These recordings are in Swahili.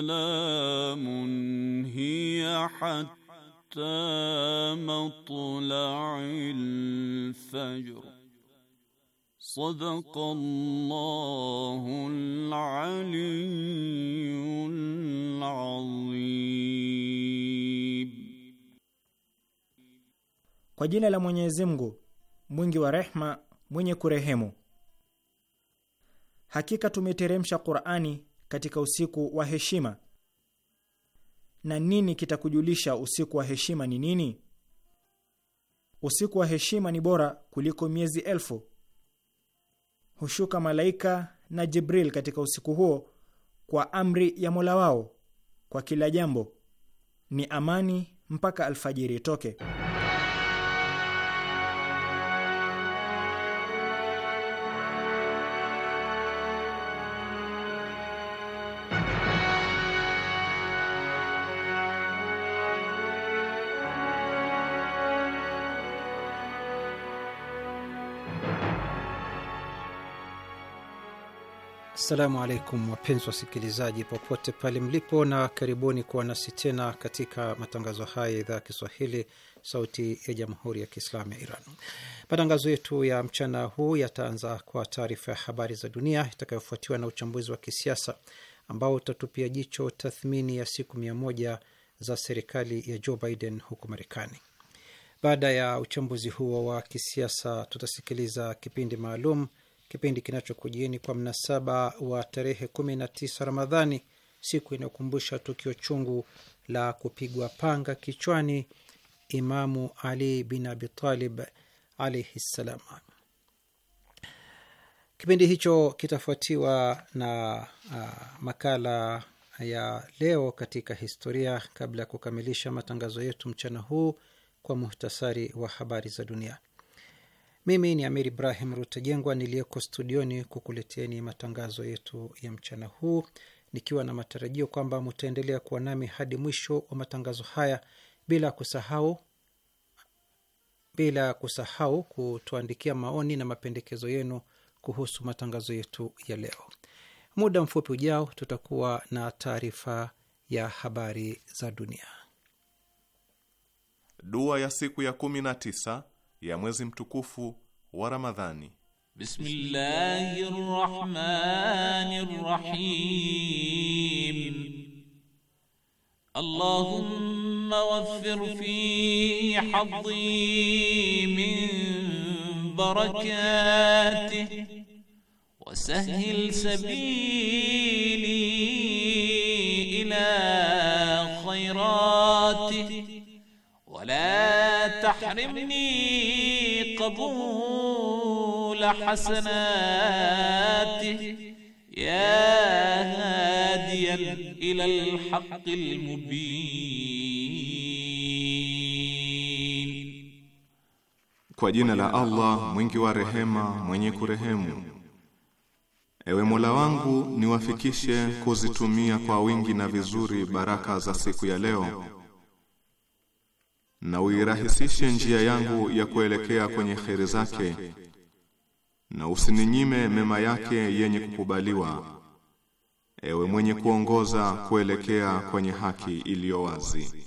سلام هي حتى مطلع الفجر صدق الله العلي العظيم Kwa jina la Mwenyezi Mungu mwingi wa rehma mwenye kurehemu. Hakika tumeteremsha Qur'ani katika usiku wa heshima. Na nini kitakujulisha usiku wa heshima ni nini? Usiku wa heshima ni bora kuliko miezi elfu. Hushuka malaika na Jibril katika usiku huo kwa amri ya Mola wao kwa kila jambo. Ni amani mpaka alfajiri itoke. Assalamu alaikum wapenzi wasikilizaji, popote pale mlipo, na karibuni kuwa nasi tena katika matangazo haya ya idhaa ya Kiswahili, Sauti ya Jamhuri ya Kiislamu ya Iran. Matangazo yetu ya mchana huu yataanza kwa taarifa ya habari za dunia itakayofuatiwa na uchambuzi wa kisiasa ambao utatupia jicho tathmini ya siku mia moja za serikali ya Joe Biden huko Marekani. Baada ya uchambuzi huo wa kisiasa, tutasikiliza kipindi maalum kipindi kinachokujieni kwa mnasaba wa tarehe 19 Ramadhani, siku inayokumbusha tukio chungu la kupigwa panga kichwani Imamu Ali bin Abitalib alaihi ssalam. Kipindi hicho kitafuatiwa na uh, makala ya leo katika historia, kabla ya kukamilisha matangazo yetu mchana huu kwa muhtasari wa habari za dunia. Mimi ni Amir Ibrahim rutejengwa niliyeko studioni kukuleteni matangazo yetu ya mchana huu nikiwa na matarajio kwamba mutaendelea kuwa nami hadi mwisho wa matangazo haya, bila kusahau bila kusahau kutuandikia maoni na mapendekezo yenu kuhusu matangazo yetu ya leo. Muda mfupi ujao tutakuwa na taarifa ya habari za dunia. Dua ya siku ya kumi na tisa ya mwezi mtukufu wa Ramadhani. Bismillahir Rahmanir Rahim. Allahumma waffir fi haddi min barakatihi وسهل سبيلي إلى خيرات tahrimni قبول حسناته يا هاديا ila الحق المبين Kwa jina la Allah mwingi wa rehema mwenye kurehemu. Ewe Mola wangu niwafikishe kuzitumia kwa wingi na vizuri baraka za siku ya leo na uirahisishe njia yangu ya kuelekea kwenye kheri zake, na usininyime mema yake yenye kukubaliwa, ewe mwenye kuongoza kuelekea kwenye haki iliyo wazi.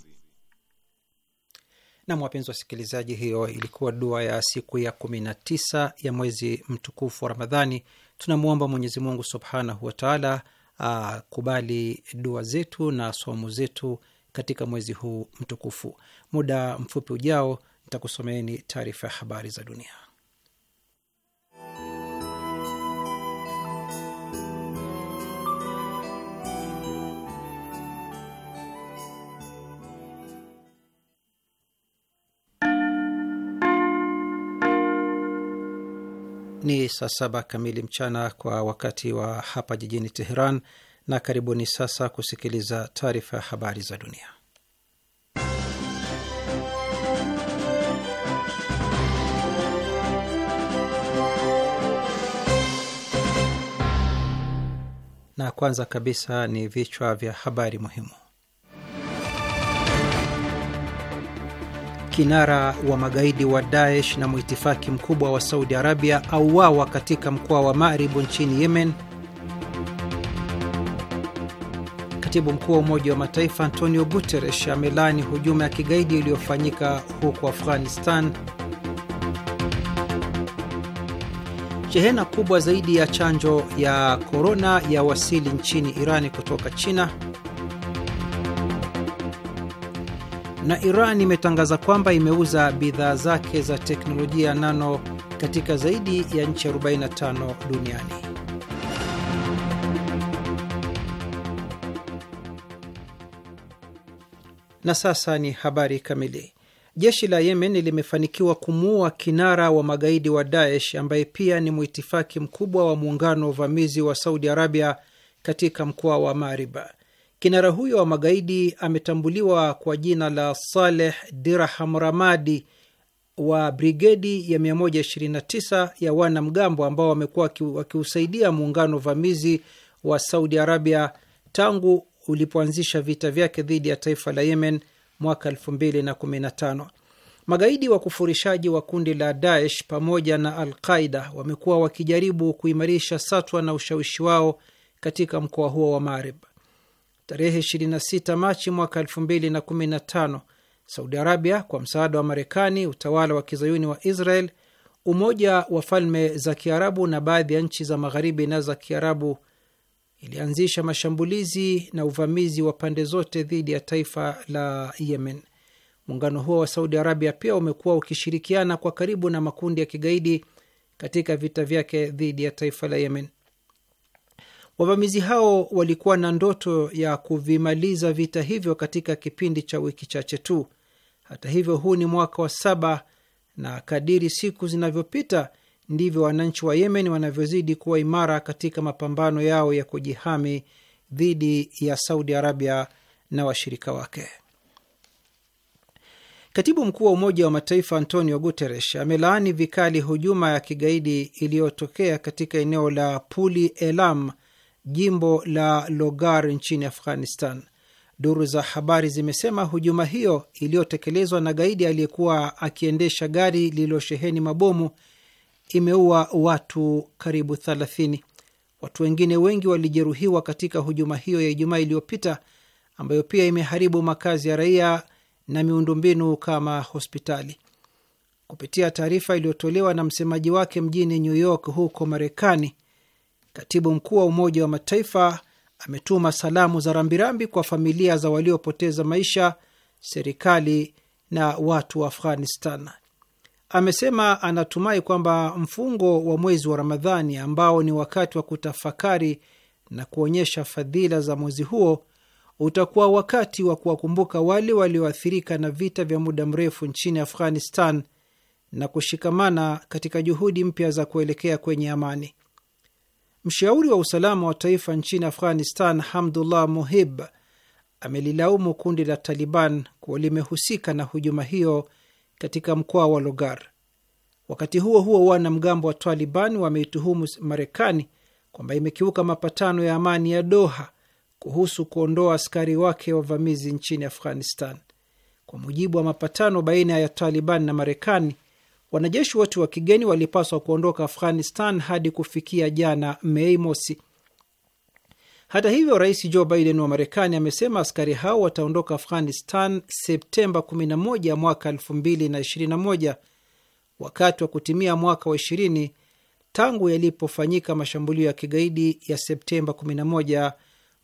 Nam, wapenzi wasikilizaji, hiyo ilikuwa dua ya siku ya 19 ya mwezi mtukufu wa Ramadhani. Tunamwomba Mwenyezi Mungu subhanahu wa taala akubali ah, dua zetu na somo zetu katika mwezi huu mtukufu. Muda mfupi ujao nitakusomeeni taarifa ya habari za dunia. Ni saa saba kamili mchana kwa wakati wa hapa jijini Teheran, na karibuni sasa kusikiliza taarifa ya habari za dunia. Na kwanza kabisa ni vichwa vya habari muhimu. Kinara wa magaidi wa Daesh na mwitifaki mkubwa wa Saudi Arabia auawa katika mkoa wa Maribu nchini Yemen Katibu mkuu wa Umoja wa Mataifa Antonio Guterres amelaani hujuma ya kigaidi iliyofanyika huko Afghanistan. Shehena kubwa zaidi ya chanjo ya korona ya wasili nchini Irani kutoka China. Na Iran imetangaza kwamba imeuza bidhaa zake za teknolojia nano katika zaidi ya nchi 45 duniani. Na sasa ni habari kamili. Jeshi la Yemen limefanikiwa kumuua kinara wa magaidi wa Daesh ambaye pia ni mwitifaki mkubwa wa muungano wa uvamizi wa Saudi Arabia katika mkoa wa Mariba. Kinara huyo wa magaidi ametambuliwa kwa jina la Saleh Dirham Ramadi wa brigedi ya 129 ya wanamgambo ambao wamekuwa wakiusaidia muungano wa uvamizi wa Saudi Arabia tangu ulipoanzisha vita vyake dhidi ya taifa la Yemen mwaka 2015. Magaidi wa kufurishaji wa kundi la Daesh pamoja na Al Qaida wamekuwa wakijaribu kuimarisha satwa na ushawishi wao katika mkoa huo wa Marib. Tarehe 26 Machi mwaka 2015, Saudi Arabia kwa msaada wa Marekani, utawala wa kizayuni wa Israel, Umoja wa Falme za Kiarabu na baadhi ya nchi za magharibi na za Kiarabu ilianzisha mashambulizi na uvamizi wa pande zote dhidi ya taifa la Yemen. Muungano huo wa Saudi Arabia pia umekuwa ukishirikiana kwa karibu na makundi ya kigaidi katika vita vyake dhidi ya taifa la Yemen. Wavamizi hao walikuwa na ndoto ya kuvimaliza vita hivyo katika kipindi cha wiki chache tu. Hata hivyo, huu ni mwaka wa saba na kadiri siku zinavyopita ndivyo wananchi wa Yemen wanavyozidi kuwa imara katika mapambano yao ya kujihami dhidi ya Saudi Arabia na washirika wake. Katibu mkuu wa Umoja wa Mataifa Antonio Guterres amelaani vikali hujuma ya kigaidi iliyotokea katika eneo la Puli Elam, jimbo la Logar nchini Afghanistan. Duru za habari zimesema hujuma hiyo iliyotekelezwa na gaidi aliyekuwa akiendesha gari lililosheheni mabomu imeua watu karibu 30. Watu wengine wengi walijeruhiwa katika hujuma hiyo ya Ijumaa iliyopita ambayo pia imeharibu makazi ya raia na miundombinu kama hospitali. Kupitia taarifa iliyotolewa na msemaji wake mjini New York huko Marekani, katibu mkuu wa Umoja wa Mataifa ametuma salamu za rambirambi kwa familia za waliopoteza maisha, serikali na watu wa Afghanistan amesema anatumai kwamba mfungo wa mwezi wa Ramadhani ambao ni wakati wa kutafakari na kuonyesha fadhila za mwezi huo utakuwa wakati wa kuwakumbuka wale walioathirika na vita vya muda mrefu nchini Afghanistan na kushikamana katika juhudi mpya za kuelekea kwenye amani. Mshauri wa usalama wa taifa nchini Afghanistan, Hamdullah muhib amelilaumu kundi la Taliban kuwa limehusika na hujuma hiyo katika mkoa wa Logar. Wakati huo huo, wanamgambo wa Taliban wameituhumu Marekani kwamba imekiuka mapatano ya amani ya Doha kuhusu kuondoa askari wake wavamizi nchini Afghanistan. Kwa mujibu wa mapatano baina ya Taliban na Marekani, wanajeshi wote wa kigeni walipaswa kuondoka Afghanistan hadi kufikia jana Mei Mosi. Hata hivyo, rais Joe Biden wa Marekani amesema askari hao wataondoka Afghanistan Septemba 11 mwaka 2021 wakati wa kutimia mwaka wa 20 tangu yalipofanyika mashambulio ya kigaidi ya Septemba 11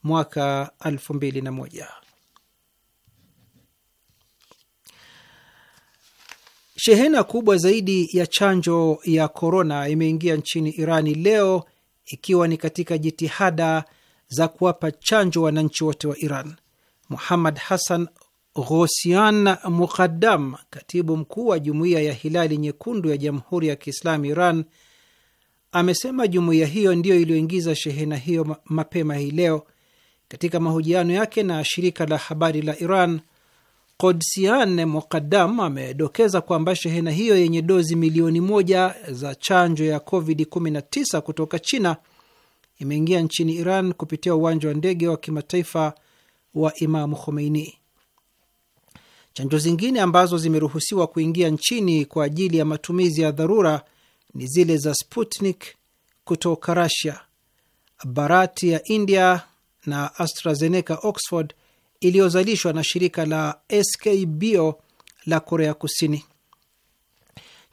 mwaka 2001. Shehena kubwa zaidi ya chanjo ya korona imeingia nchini Irani leo ikiwa ni katika jitihada za kuwapa chanjo wananchi wote wa Iran. Muhammad Hassan Ghosian Muqaddam, katibu mkuu wa jumuiya ya Hilali Nyekundu ya Jamhuri ya Kiislamu Iran, amesema jumuiya hiyo ndiyo iliyoingiza shehena hiyo mapema hii leo. Katika mahojiano yake na shirika la habari la Iran, Kodsian Muqaddam amedokeza kwamba shehena hiyo yenye dozi milioni moja za chanjo ya COVID-19 kutoka China imeingia nchini Iran kupitia uwanja wa ndege wa kimataifa wa Imamu Khomeini. Chanjo zingine ambazo zimeruhusiwa kuingia nchini kwa ajili ya matumizi ya dharura ni zile za Sputnik kutoka rasia barati ya India na AstraZeneca Oxford iliyozalishwa na shirika la SK Bio la Korea Kusini.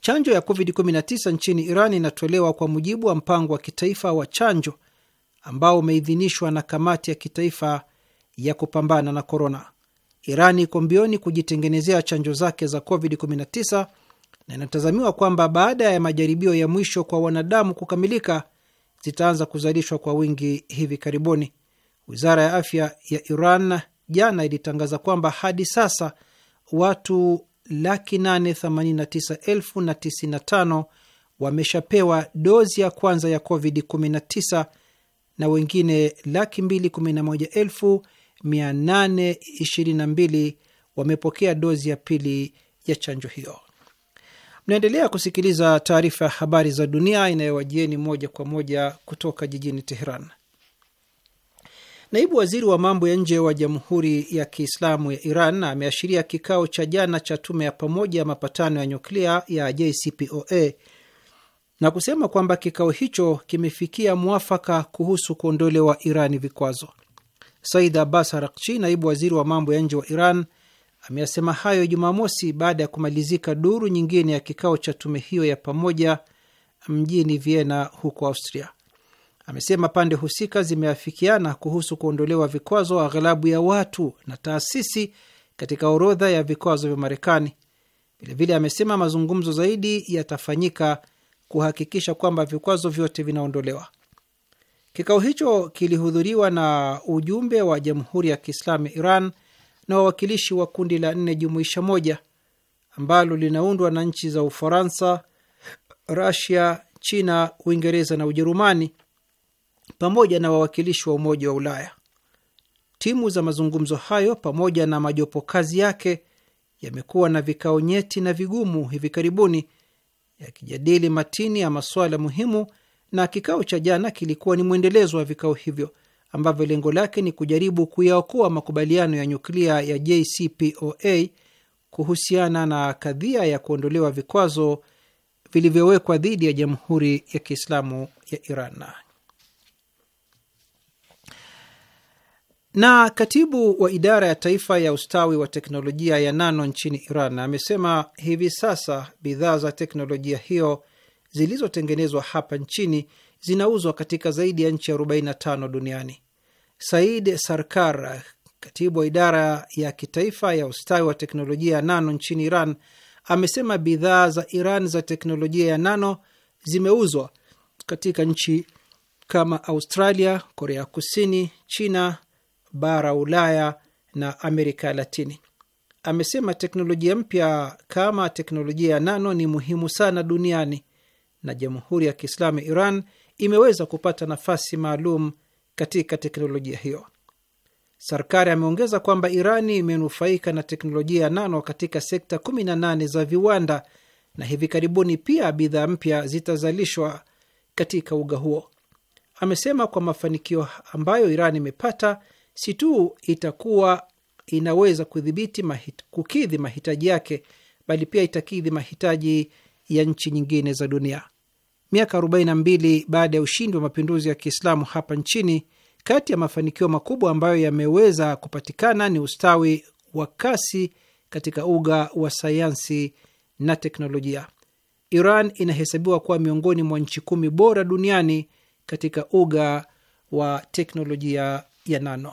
Chanjo ya COVID-19 nchini Iran inatolewa kwa mujibu wa mpango wa kitaifa wa chanjo ambao umeidhinishwa na kamati ya kitaifa ya kupambana na korona. Irani iko mbioni kujitengenezea chanjo zake za COVID-19 na inatazamiwa kwamba baada ya majaribio ya mwisho kwa wanadamu kukamilika, zitaanza kuzalishwa kwa wingi hivi karibuni. Wizara ya afya ya Iran jana ilitangaza kwamba hadi sasa watu laki nane themanini na tisa elfu na tisini na tano wameshapewa dozi ya kwanza ya COVID-19 na wengine laki mbili kumi na moja elfu mia nane ishirini na mbili wamepokea dozi ya pili ya chanjo hiyo. Mnaendelea kusikiliza taarifa ya habari za dunia inayowajieni moja kwa moja kutoka jijini Teheran. Naibu waziri wa mambo ya nje wa Jamhuri ya Kiislamu ya Iran ameashiria kikao cha jana cha tume ya pamoja ya mapatano ya nyuklia ya JCPOA na kusema kwamba kikao hicho kimefikia mwafaka kuhusu kuondolewa Irani vikwazo. Said Abbas Arakchi, naibu waziri wa mambo ya nje wa Iran, ameyasema hayo Jumamosi baada ya kumalizika duru nyingine ya kikao cha tume hiyo ya pamoja mjini Vienna huko Austria. Amesema pande husika zimeafikiana kuhusu kuondolewa vikwazo aghalabu ya watu na taasisi katika orodha ya vikwazo vya Marekani. Vilevile amesema mazungumzo zaidi yatafanyika kuhakikisha kwamba vikwazo vyote vinaondolewa. Kikao hicho kilihudhuriwa na ujumbe wa Jamhuri ya Kiislamu Iran na wawakilishi wa kundi la nne jumuisha moja ambalo linaundwa na nchi za Ufaransa, Rasia, China, Uingereza na Ujerumani pamoja na wawakilishi wa Umoja wa Ulaya. Timu za mazungumzo hayo pamoja na majopo kazi yake yamekuwa na vikao nyeti na vigumu hivi karibuni yakijadili matini ya masuala muhimu, na kikao cha jana kilikuwa ni mwendelezo wa vikao hivyo ambavyo lengo lake ni kujaribu kuyaokoa makubaliano ya nyuklia ya JCPOA kuhusiana na kadhia ya kuondolewa vikwazo vilivyowekwa dhidi ya Jamhuri ya Kiislamu ya Iran. Na katibu wa idara ya taifa ya ustawi wa teknolojia ya nano nchini Iran amesema hivi sasa bidhaa za teknolojia hiyo zilizotengenezwa hapa nchini zinauzwa katika zaidi ya nchi 45 duniani. Said Sarkar, katibu wa idara ya kitaifa ya ustawi wa teknolojia ya nano nchini Iran, amesema bidhaa za Iran za teknolojia ya nano zimeuzwa katika nchi kama Australia, Korea Kusini, China, bara Ulaya na Amerika Latini. Amesema teknolojia mpya kama teknolojia ya nano ni muhimu sana duniani na Jamhuri ya Kiislamu ya Iran imeweza kupata nafasi maalum katika teknolojia hiyo. Sarkari ameongeza kwamba Irani imenufaika na teknolojia ya nano katika sekta 18 za viwanda na hivi karibuni pia bidhaa mpya zitazalishwa katika uga huo. Amesema kwa mafanikio ambayo iran imepata si tu itakuwa inaweza kudhibiti mahit, kukidhi mahitaji yake bali pia itakidhi mahitaji ya nchi nyingine za dunia. Miaka 42 baada ya ushindi wa mapinduzi ya Kiislamu hapa nchini, kati ya mafanikio makubwa ambayo yameweza kupatikana ni ustawi wa kasi katika uga wa sayansi na teknolojia. Iran inahesabiwa kuwa miongoni mwa nchi kumi bora duniani katika uga wa teknolojia ya nano.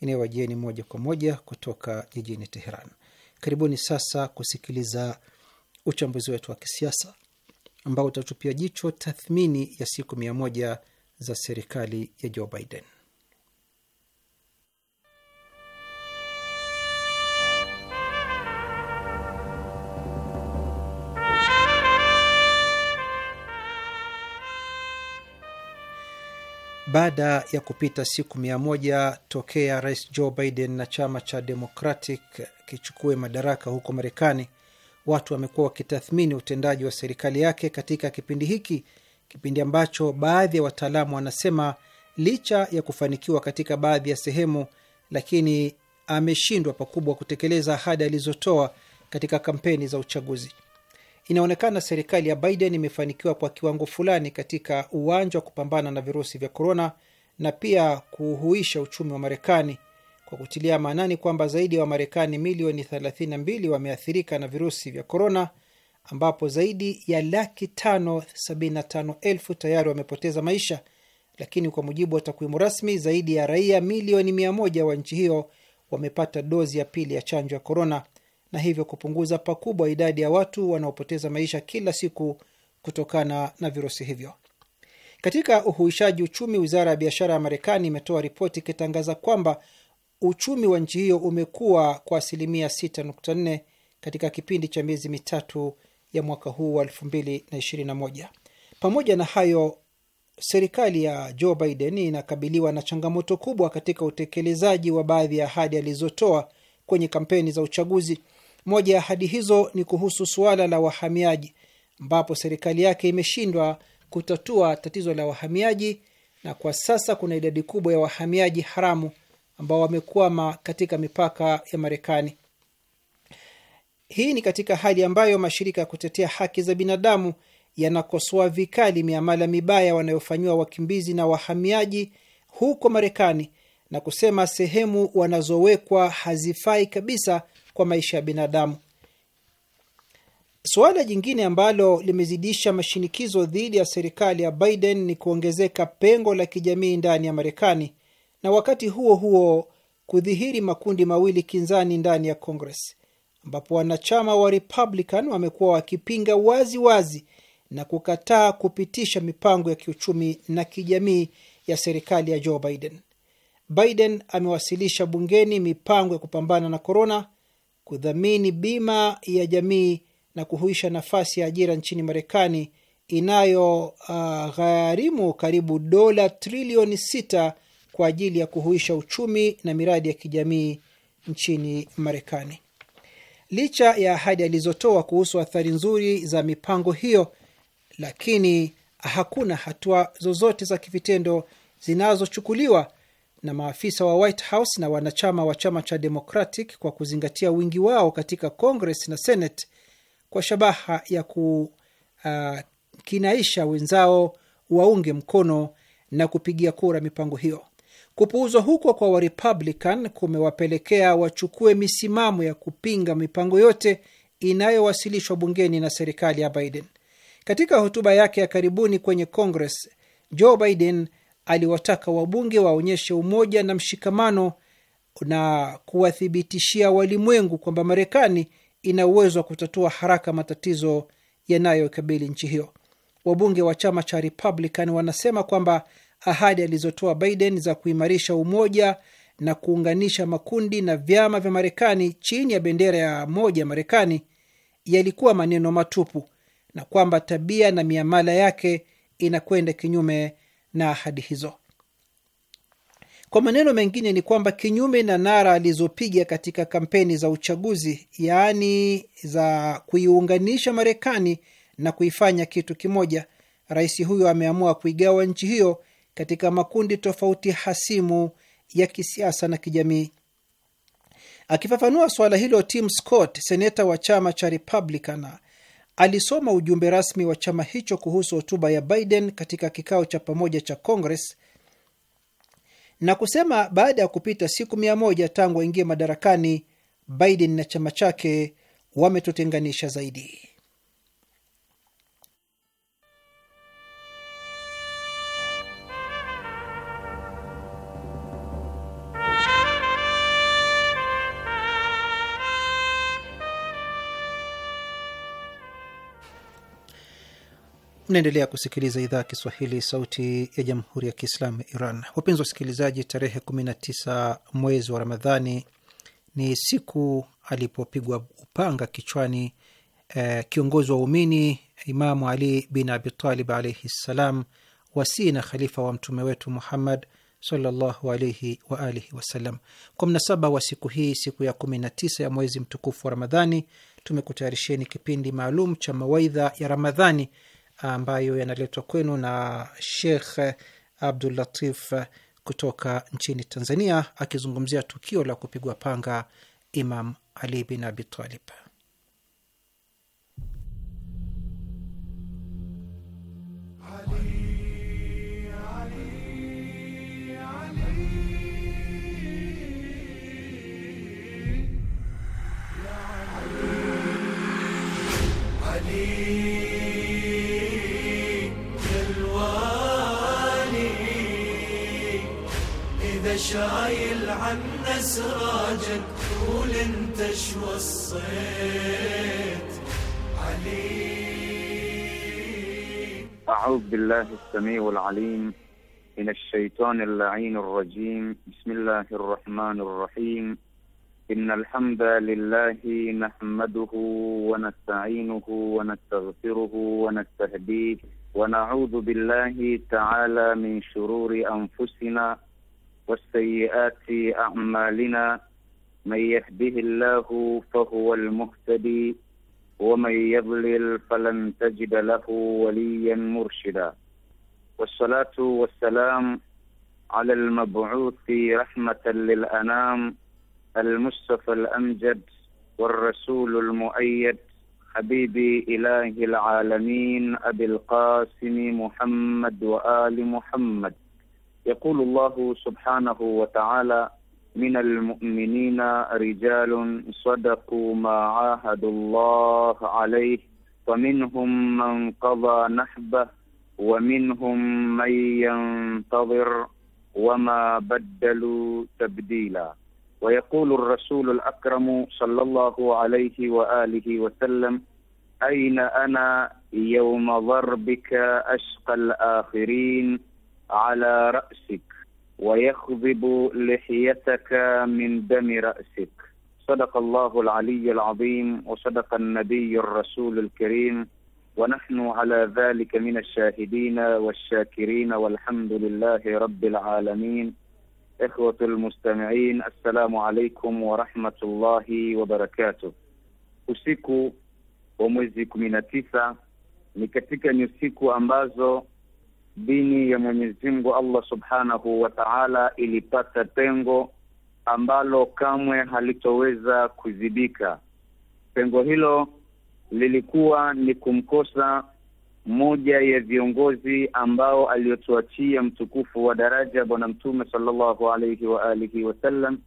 inayowajieni moja kwa moja kutoka jijini Teheran. Karibuni sasa kusikiliza uchambuzi wetu wa kisiasa ambao utatupia jicho tathmini ya siku mia moja za serikali ya Joe Biden. Baada ya kupita siku mia moja tokea rais Joe Biden na chama cha Democratic kichukue madaraka huko Marekani, watu wamekuwa wakitathmini utendaji wa serikali yake katika kipindi hiki, kipindi ambacho baadhi ya wataalamu wanasema licha ya kufanikiwa katika baadhi ya sehemu, lakini ameshindwa pakubwa kutekeleza ahadi alizotoa katika kampeni za uchaguzi. Inaonekana serikali ya Biden imefanikiwa kwa kiwango fulani katika uwanja wa kupambana na virusi vya korona na pia kuhuisha uchumi wa Marekani kwa kutilia maanani kwamba zaidi ya wa Wamarekani milioni 32 wameathirika na virusi vya korona, ambapo zaidi ya laki tano sabini na tano elfu tayari wamepoteza maisha, lakini kwa mujibu wa takwimu rasmi zaidi ya raia milioni mia moja wa nchi hiyo wamepata dozi ya pili ya chanjo ya korona na hivyo kupunguza pakubwa idadi ya watu wanaopoteza maisha kila siku kutokana na virusi hivyo. Katika uhuishaji uchumi, wizara ya biashara ya Marekani imetoa ripoti ikitangaza kwamba uchumi wa nchi hiyo umekuwa kwa asilimia 6.4 katika kipindi cha miezi mitatu ya mwaka huu wa 2021. Pamoja na hayo, serikali ya Joe Biden inakabiliwa na changamoto kubwa katika utekelezaji wa baadhi ya ahadi alizotoa kwenye kampeni za uchaguzi moja ya ahadi hizo ni kuhusu suala la wahamiaji, ambapo serikali yake imeshindwa kutatua tatizo la wahamiaji, na kwa sasa kuna idadi kubwa ya wahamiaji haramu ambao wamekwama katika mipaka ya Marekani. Hii ni katika hali ambayo mashirika ya kutetea haki za binadamu yanakosoa vikali miamala mibaya wanayofanyiwa wakimbizi na wahamiaji huko Marekani na kusema sehemu wanazowekwa hazifai kabisa kwa maisha ya binadamu. Suala jingine ambalo limezidisha mashinikizo dhidi ya serikali ya Biden ni kuongezeka pengo la kijamii ndani ya Marekani na wakati huo huo kudhihiri makundi mawili kinzani ndani ya Congress ambapo wanachama wa Republican wamekuwa wakipinga wazi wazi na kukataa kupitisha mipango ya kiuchumi na kijamii ya serikali ya Joe Biden. Biden amewasilisha bungeni mipango ya kupambana na korona kudhamini bima ya jamii na kuhuisha nafasi ya ajira nchini Marekani inayogharimu uh, karibu dola trilioni sita kwa ajili ya kuhuisha uchumi na miradi ya kijamii nchini Marekani. Licha ya ahadi alizotoa kuhusu athari nzuri za mipango hiyo, lakini hakuna hatua zozote za kivitendo zinazochukuliwa na maafisa wa White House na wanachama wa chama cha Democratic kwa kuzingatia wingi wao katika Congress na Senate kwa shabaha ya kukinaisha uh, wenzao waunge mkono na kupigia kura mipango hiyo. Kupuuzwa huko kwa Warepublican kumewapelekea wachukue misimamo ya kupinga mipango yote inayowasilishwa bungeni na serikali ya Biden. Katika hotuba yake ya karibuni kwenye Congress, Joe Biden aliwataka wabunge waonyeshe umoja na mshikamano na kuwathibitishia walimwengu kwamba Marekani ina uwezo wa kutatua haraka matatizo yanayokabili nchi hiyo. Wabunge wa chama cha Republican wanasema kwamba ahadi alizotoa Biden za kuimarisha umoja na kuunganisha makundi na vyama vya Marekani chini ya bendera ya moja Marekani yalikuwa maneno matupu na kwamba tabia na miamala yake inakwenda kinyume na ahadi hizo. Kwa maneno mengine ni kwamba kinyume na nara alizopiga katika kampeni za uchaguzi, yaani za kuiunganisha Marekani na kuifanya kitu kimoja, rais huyo ameamua kuigawa nchi hiyo katika makundi tofauti hasimu ya kisiasa na kijamii. Akifafanua suala hilo, Tim Scott, seneta wa chama cha Republican, alisoma ujumbe rasmi wa chama hicho kuhusu hotuba ya Biden katika kikao cha pamoja cha Congress na kusema baada ya kupita siku mia moja tangu aingie madarakani, Biden na chama chake wametutenganisha zaidi. Mnaendelea kusikiliza idhaa ya Kiswahili, sauti ya jamhuri ya kiislamu ya Iran. Wapenzi wasikilizaji, tarehe 19 mwezi wa Ramadhani ni siku alipopigwa upanga kichwani eh, kiongozi wa umini Imamu Ali bin Abitalib alaihi ssalam, wasii na khalifa wa mtume wetu Muhammad sallallahu alaihi wa alihi wasallam. Kwa mnasaba wa siku hii, siku ya 19 ya mwezi mtukufu wa Ramadhani, tumekutayarisheni kipindi maalum cha mawaidha ya Ramadhani ambayo yanaletwa kwenu na Sheikh Abdul Latif kutoka nchini Tanzania akizungumzia tukio la kupigwa panga Imam Ali bin Abi Talib. سراجك قول انت شو وصيت علي أعوذ بالله السميع العليم من الشيطان اللعين الرجيم بسم الله الرحمن الرحيم إن الحمد لله نحمده ونستعينه ونستغفره ونستهديه ونعوذ بالله تعالى من شرور أنفسنا والسيئات أعمالنا من يهده الله فهو المهتدي ومن يضلل فلن تجد له وليا مرشدا والصلاة والسلام على المبعوث رحمة للأنام المصطفى الأمجد والرسول المؤيد حبيب إله العالمين أبي القاسم محمد وآل محمد يقول الله سبحانه وتعالى من المؤمنين رجال صدقوا ما عاهدوا الله عليه فمنهم من قضى نحبه ومنهم من ينتظر وما بدلوا تبديلا ويقول الرسول الاكرم صلى الله عليه واله وسلم اين انا يوم ضربك اشقى الاخرين على رأسك ويخضب لحيتك من دم رأسك صدق الله العلي العظيم وصدق النبي الرسول الكريم ونحن على ذلك من الشاهدين والشاكرين والحمد لله رب العالمين إخوة المستمعين السلام عليكم ورحمة الله وبركاته أسيكو ومزيكو من التفا na tisa ni katika ni ambazo dini ya Mwenyezi Mungu Allah Subhanahu wa Ta'ala ilipata pengo ambalo kamwe halitoweza kuzibika. Pengo hilo lilikuwa ni kumkosa mmoja ya viongozi ambao aliyotuachia mtukufu wa daraja Bwana Mtume sallallahu alaihi wa alihi wasallam.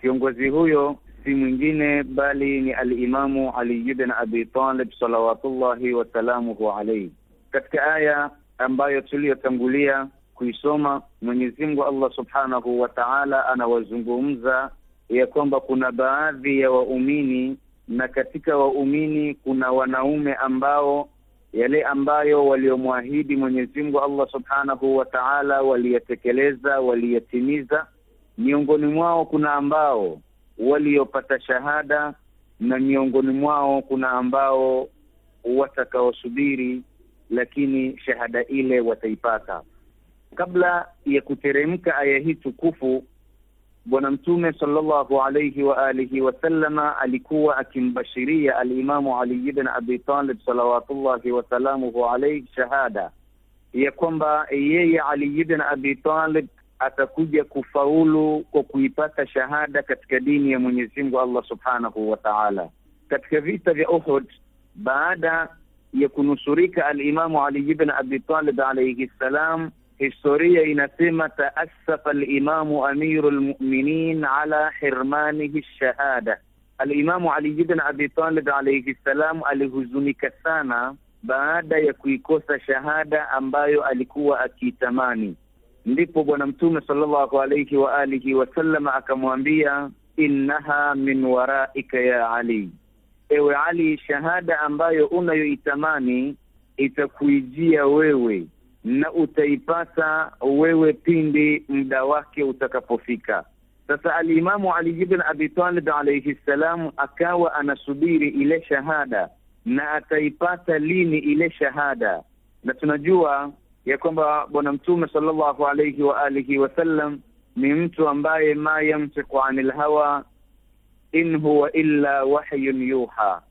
Kiongozi huyo si mwingine bali ni alimamu Ali ibn Abi Talib salawatullahi wasalamuhu alaihi. Katika aya ambayo tuliyotangulia kuisoma, Mwenyezi Mungu Allah Subhanahu wa Ta'ala anawazungumza ya kwamba kuna baadhi ya waumini, na katika waumini kuna wanaume ambao yale ambayo waliomwahidi Mwenyezi Mungu Allah Subhanahu wa Ta'ala waliyatekeleza, waliyatimiza. Miongoni mwao kuna ambao waliopata shahada na miongoni mwao kuna ambao watakaosubiri lakini shahada ile wataipata. Kabla ya kuteremka aya hii tukufu, Bwana Mtume sallallahu alayhi wa alihi wasallama alikuwa akimbashiria Alimamu Ali ibn Abi Talib salawatullahi wasalamuhu alayhi shahada ya kwamba yeye Ali ibn Abi Talib atakuja kufaulu kwa kuipata shahada katika dini ya Mwenyezi Mungu Allah subhanahu wa taala. Katika vita vya Uhud, baada ya kunusurika alimamu Ali ibn Abi Talib alayhi salam, historia inasema taasafa alimamu amiru lmuminin ala hirmanihi lshahada. Alimamu Ali ibn Abi Talib alayhi salam alihuzunika sana baada ya kuikosa shahada ambayo alikuwa akiitamani. Ndipo Bwana Mtume sallallahu alayhi wa alihi wasallam akamwambia, innaha min waraika ya Ali ewe Ali, shahada ambayo unayoitamani itakuijia wewe na utaipata wewe pindi muda wake utakapofika. Sasa alimamu Ali ibn Abi Talib alayhi salam akawa anasubiri ile shahada, na ataipata lini ile shahada? Na tunajua ya kwamba Bwana Mtume sallallahu alayhi wa alihi wasallam ni mtu ambaye ma yamtiku anil hawa in huwa illa wahyun yuha,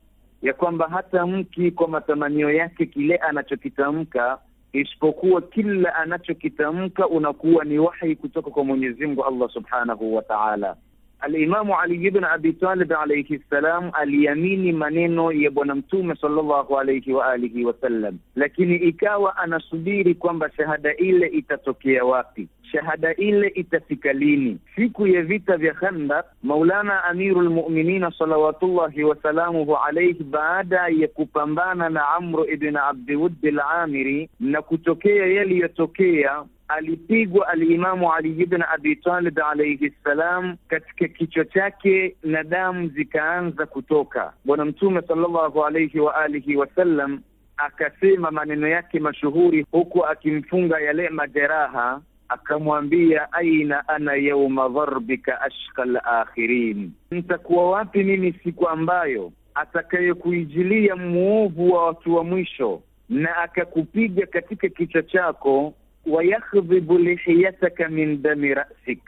ya kwamba hata mki kwa matamanio yake kile anachokitamka isipokuwa kila anachokitamka unakuwa ni wahi kutoka kwa Mwenyezi Mungu Allah Subhanahu wa Ta'ala. Alimamu Ali ibn Abi Talib alayhi salam aliamini maneno ya Bwana Mtume sallallahu alayhi wa alihi wasallam, lakini ikawa anasubiri kwamba shahada ile itatokea wapi shahada ile itafika lini? Siku ya vita vya Khandaq, Maulana amiru lmuminina salawatullahi wasalamuhu alaihi baada ya kupambana na Amru ibn Abdiwuddi al-Amiri na kutokea yaliyotokea alipigwa alimamu Ali ibn Abi Talib alayhi salam katika kichwa chake na damu zikaanza kutoka. Bwana Mtume sallallahu alayhi wa alihi wasallam akasema maneno yake mashuhuri, huku akimfunga yale majeraha akamwambia aina ana yauma dharbika ashqa lakhirin, nitakuwa wapi mimi siku ambayo atakayekuijilia mwovu wa watu wa mwisho na akakupiga katika kichwa chako, wayakhdhibu lihiyataka min dami rasik,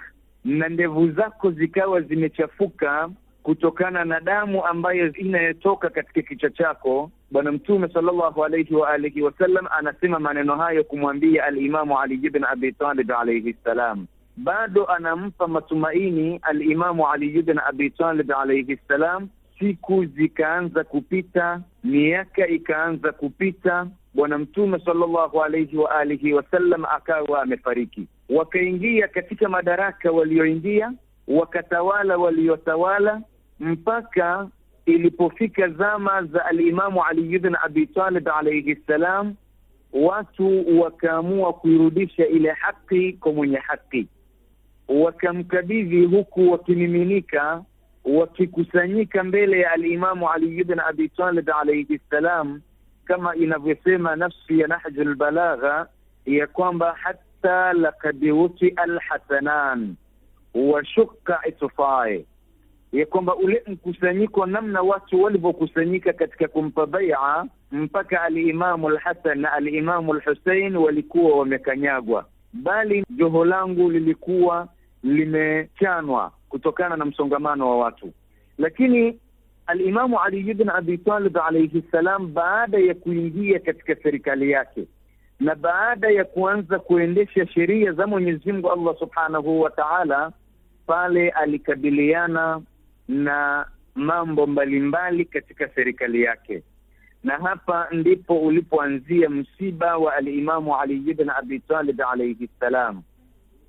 na ndevu zako zikawa zimechafuka kutokana na damu ambayo inayotoka katika kichwa chako. Bwana Mtume sallallahu alaihi wa alihi wasallam anasema maneno hayo kumwambia Alimamu Ali ibn Abi Talib alaihi ssalam. Bado anampa matumaini Alimamu Ali ibn Abi Talib alaihi ssalam. Siku zikaanza kupita, miaka ikaanza kupita, Bwana Mtume sallallahu alaihi wa alihi wasallam akawa amefariki. Wakaingia katika madaraka walioingia, wakatawala waliotawala mpaka ilipofika zama za alimamu Ali ibn Abi Talib alayhi salam, watu wakaamua kuirudisha ile haki kwa mwenye haki, wakamkabidhi huku wakimiminika, wakikusanyika mbele ya alimamu Ali ibn Abi Talib alayhi salam, kama inavyosema nafsi ya nahju lbalagha ya kwamba hata lakad wutia lhasanan washuka itfae ya kwamba ule mkusanyiko, namna watu walivyokusanyika katika kumpa baia mpaka alimamu lhasan na alimamu lhusein walikuwa wamekanyagwa, bali joho langu lilikuwa limechanwa kutokana na msongamano wa watu. Lakini alimamu Ali ibn Abi Talib alayhi ssalam, baada ya kuingia katika serikali yake na baada ya kuanza kuendesha sheria za Mwenyezi Mungu Allah subhanahu wa taala, pale alikabiliana na mambo mbalimbali katika serikali yake, na hapa ndipo ulipoanzia msiba wa alimamu Ali ibn Abi Talib alayhi salam.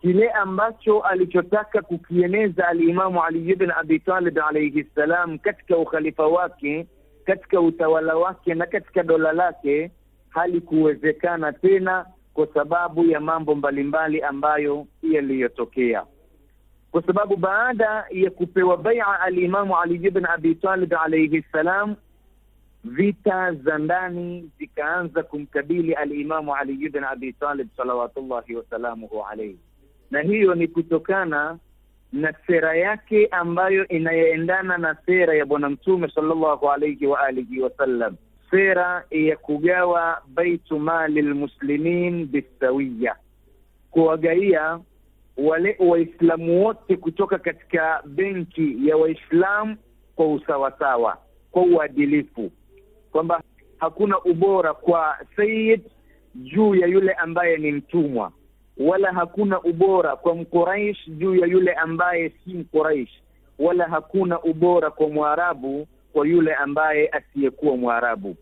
Kile ambacho alichotaka kukieneza alimamu Ali ibn Abi Talib alayhi salam katika ukhalifa wake, katika utawala wake na katika dola lake halikuwezekana tena kwa sababu ya mambo mbalimbali ambayo yaliyotokea kwa sababu baada ya kupewa baia alimamu Ali ibn Abi Talib alayhi ssalam vita za ndani zikaanza kumkabili alimamu Ali ibn Abi Talib salawatullahi wasalamuhu alaihi, na hiyo ni kutokana na sera yake ambayo inayoendana na sera ya Bwana Mtume sallallahu alayhi wa alihi wasallam, sera ya kugawa baitu mali lmuslimin bisawiya, kuwagaia wale Waislamu wote kutoka katika benki ya Waislamu kwa usawasawa, kwa uadilifu, kwamba hakuna ubora kwa Sayyid juu ya yule ambaye ni mtumwa, wala hakuna ubora kwa Mquraish juu ya yule ambaye si Mquraish, wala hakuna ubora kwa Mwarabu kwa yule ambaye asiyekuwa Mwarabu.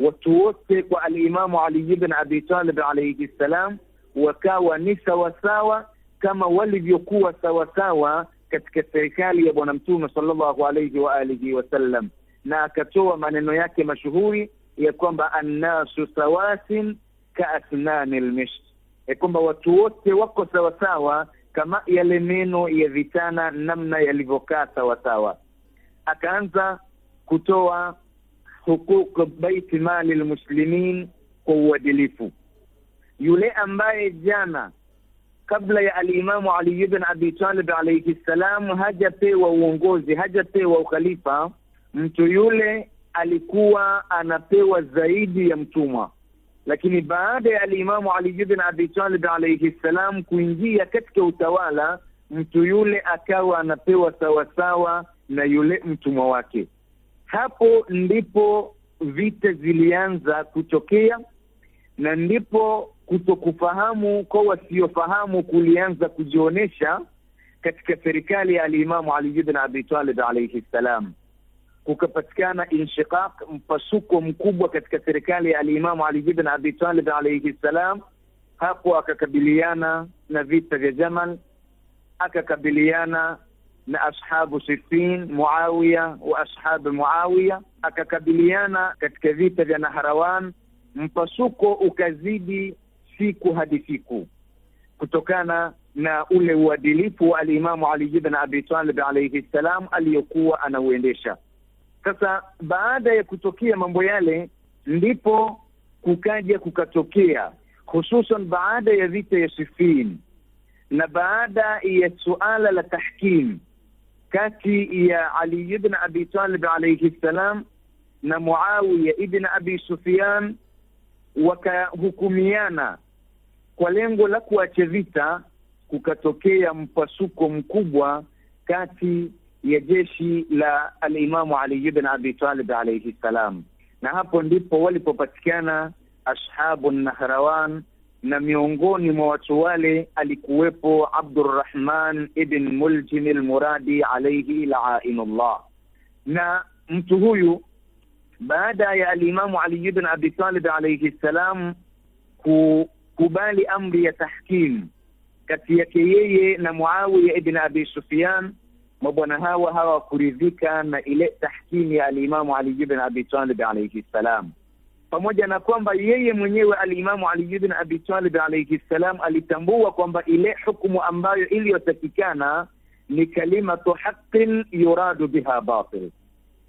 Watu wote kwa Alimamu Ali ibn Abi Talib alayhi ssalam wakawa ni sawasawa kama walivyokuwa sawasawa katika serikali ya Bwana Mtume sallallahu alaihi wa alihi wasallam, na akatoa maneno yake mashuhuri ya kwamba annasu sawasin kaasnani lmish, ya kwamba watu wote wako sawasawa kama yale meno ya vitana namna yalivyokaa sawasawa. Akaanza kutoa huquq baiti mali lmuslimin kwa uadilifu. Yule ambaye jana kabla ya alimamu Ali ibn Abi Talib alayhi salam hajapewa uongozi, hajapewa ukhalifa, mtu yule alikuwa anapewa zaidi ya mtumwa. Lakini baada ya alimamu Ali ibn Abi Talib alayhi salam kuingia katika utawala, mtu yule akawa anapewa sawasawa na yule mtumwa wake. Hapo ndipo vita zilianza kutokea na ndipo kutokufahamu kwa wasiofahamu kulianza kujionyesha katika serikali ya alimamu Ali ibn Abi Talib alayhi salam, kukapatikana inshiqaq, mpasuko mkubwa katika serikali ya alimamu Ali ibn Abi Talib alaihi ssalam. Hapo akakabiliana na vita vya Jamal, akakabiliana na ashabu Siffin, Muawiya wa ashabu Muawiya, akakabiliana katika vita vya Naharawan. Mpasuko ukazidi siku hadi siku kutokana na ule uadilifu wa alimamu Ali ibn Abi Talib alayhi salam aliyokuwa anauendesha. Sasa baada ya kutokea mambo yale, ndipo kukaja kukatokea, hususan baada ya vita ya Siffin na baada ya suala la tahkim kati ya Ali ibn Abi Talib alayhi salam na Muawiya ibn Abi Sufyan, wakahukumiana kwa lengo la kuachevita kukatokea mpasuko mkubwa kati ya jeshi la alimamu Ali ibn Abi Talib alayhi ssalam na hapo ndipo walipopatikana ashabu Nahrawan, na miongoni mwa watu wale alikuwepo Abdurrahman ibn Muljim lmuradi alaihi alayhi Na mtu huyu baada ya alimamu Ali ibn Abi Talib alaihi ssalam ku kubali amri ya tahkim kati yake yeye na Muawiya ibn Abi Sufyan. Mabwana hawa hawakuridhika na ile tahkimu ya alimamu Ali ibn Abi Talib alayhi salam, pamoja na kwamba yeye mwenyewe alimamu Ali ibn Abi Talib alayhi salam alitambua kwamba ile hukumu ambayo iliyotakikana ni kalimatu haqqin yuradu biha batil,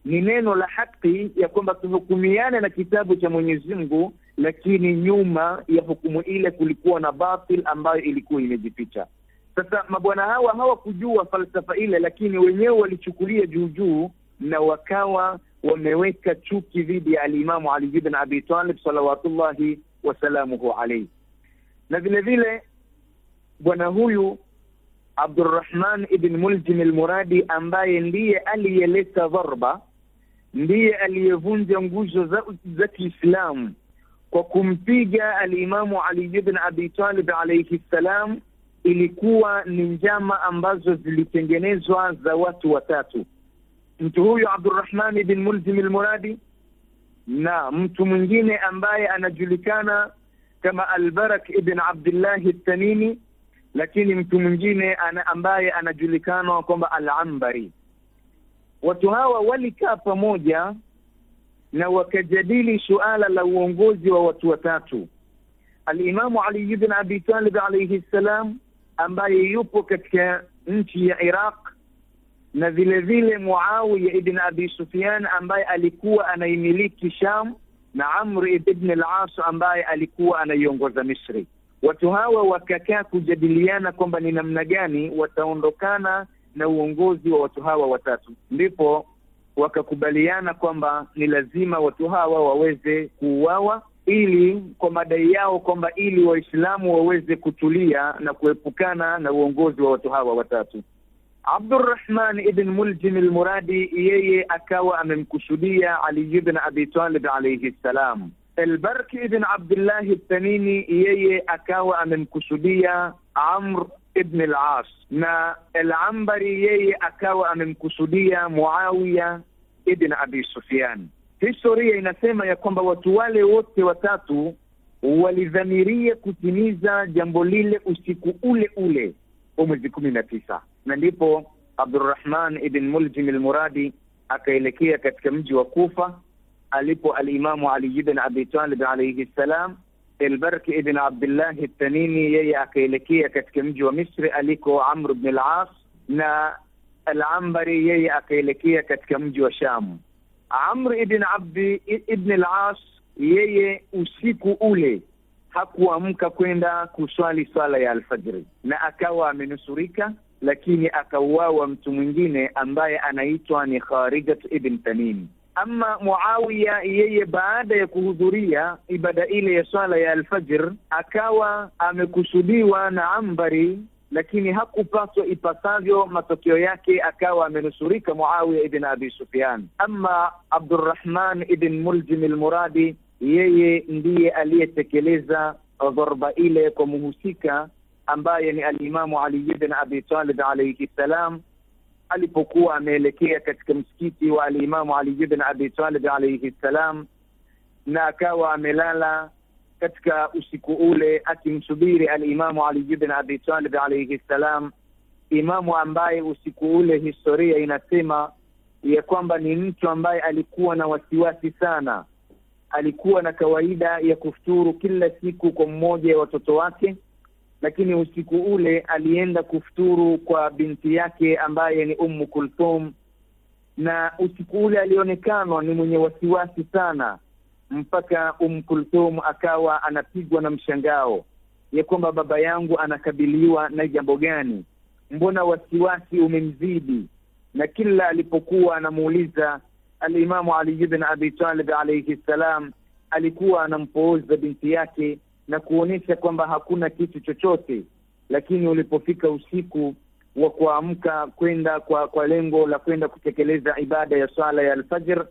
ni neno la haki ya kwamba tuhukumiane na kitabu cha Mwenyezi Mungu lakini nyuma ya hukumu ile kulikuwa na batil ambayo ilikuwa imejificha. Sasa mabwana hawa hawakujua falsafa ile, lakini wenyewe walichukulia juu juu na wakawa wameweka chuki dhidi ya alimamu Ali bn Abi Talib salawatullahi wasalamuhu alaihi. Na vile vile bwana huyu Abdurrahman ibn Muljim almuradi ambaye ndiye aliyeleta dharba, ndiye aliyevunja nguzo za, za Kiislamu kwa kumpiga alimamu Ali ibn Abi Talib alayhi ssalam ilikuwa ni njama ambazo zilitengenezwa za watu watatu, mtu huyu Abdurrahmani bin Mulzim al na mtu mwingine ambaye anajulikana kama Albarak ibn Abdillahi Tanini, lakini mtu mwingine ambaye anajulikana kwamba Alambari. Watu hawa walikaa pamoja na wakajadili suala la uongozi wa watu watatu. Alimamu Ali ibn Abi Talib alayhi ssalam, ambaye yupo katika nchi ya Iraq, na vile vile Muawiya ibn Abi Sufyan ambaye alikuwa anaimiliki Sham, na Amr ibn al-As ambaye alikuwa anaiongoza Misri. Watu hawa wakakaa kujadiliana kwamba ni namna gani wataondokana na uongozi wa watu hawa watatu, ndipo wakakubaliana kwamba ni lazima watu hawa waweze kuuawa ili kwa madai yao kwamba ili Waislamu waweze kutulia na kuepukana na uongozi wa watu hawa watatu. Abdurrahman ibn Muljim lmuradi yeye akawa amemkusudia Ali ibn Abi Talib alayhi salam. Albarki ibn abdullahi tanini yeye akawa amemkusudia Amr ibn al-As, na al-Ambari yeye akawa amemkusudia Muawiya ibn Abi Sufyan. Historia inasema ya kwamba watu wale wote watatu walidhamiria kutimiza jambo lile usiku ule ule wa mwezi kumi na tisa, na ndipo Abdurrahman ibn Muljim al-Muradi akaelekea katika mji wa Kufa alipo alimamu Ali ibn Abi Talib alayhi salam Elbarki ibn Abdillahi Tanini, yeye akaelekea katika mji wa Misri aliko Amr ibn al-As, na al-Ambari yeye akaelekea katika mji wa Shamu. Amr ibn Abdi ibn al-As yeye usiku ule hakuamka kwenda kuswali swala ya alfajiri, na akawa amenusurika, lakini akauawa mtu mwingine ambaye anaitwa ni Kharijat ibn Tanim. Ama Muawiya yeye baada ya kuhudhuria ibada ile ya swala ya alfajr akawa amekusudiwa na ambari lakini hakupaswa ipasavyo, matokeo yake akawa amenusurika Muawiya ibn Abi Sufyan. Ama Abdurrahman ibn Muljim al-Muradi, yeye ndiye aliyetekeleza dhorba ile kwa muhusika ambaye ni alimamu Ali ibn Abi Talib alayhi salam alipokuwa ameelekea katika msikiti wa alimamu Ali ibn Abi Talib alaihi ssalam, na akawa amelala katika usiku ule akimsubiri alimamu Ali ibn Abi Talib alaihi ssalam, imamu ambaye usiku ule historia inasema ya kwamba ni mtu ambaye alikuwa na wasiwasi sana. Alikuwa na kawaida ya kufuturu kila siku kwa mmoja ya watoto wake lakini usiku ule alienda kufuturu kwa binti yake ambaye ni Ummu Kulthum, na usiku ule alionekanwa ni mwenye wasiwasi sana, mpaka Ummu Kulthum akawa anapigwa na mshangao ya kwamba baba yangu anakabiliwa na jambo gani? Mbona wasiwasi umemzidi? Na kila alipokuwa anamuuliza Alimamu Ali ibn Abi Talib alaihi ssalam alikuwa anampooza binti yake na kuonyesha kwamba hakuna kitu chochote, lakini ulipofika usiku wa kuamka kwenda kwa, kwa lengo la kwenda kutekeleza ibada ya swala ya alfajr,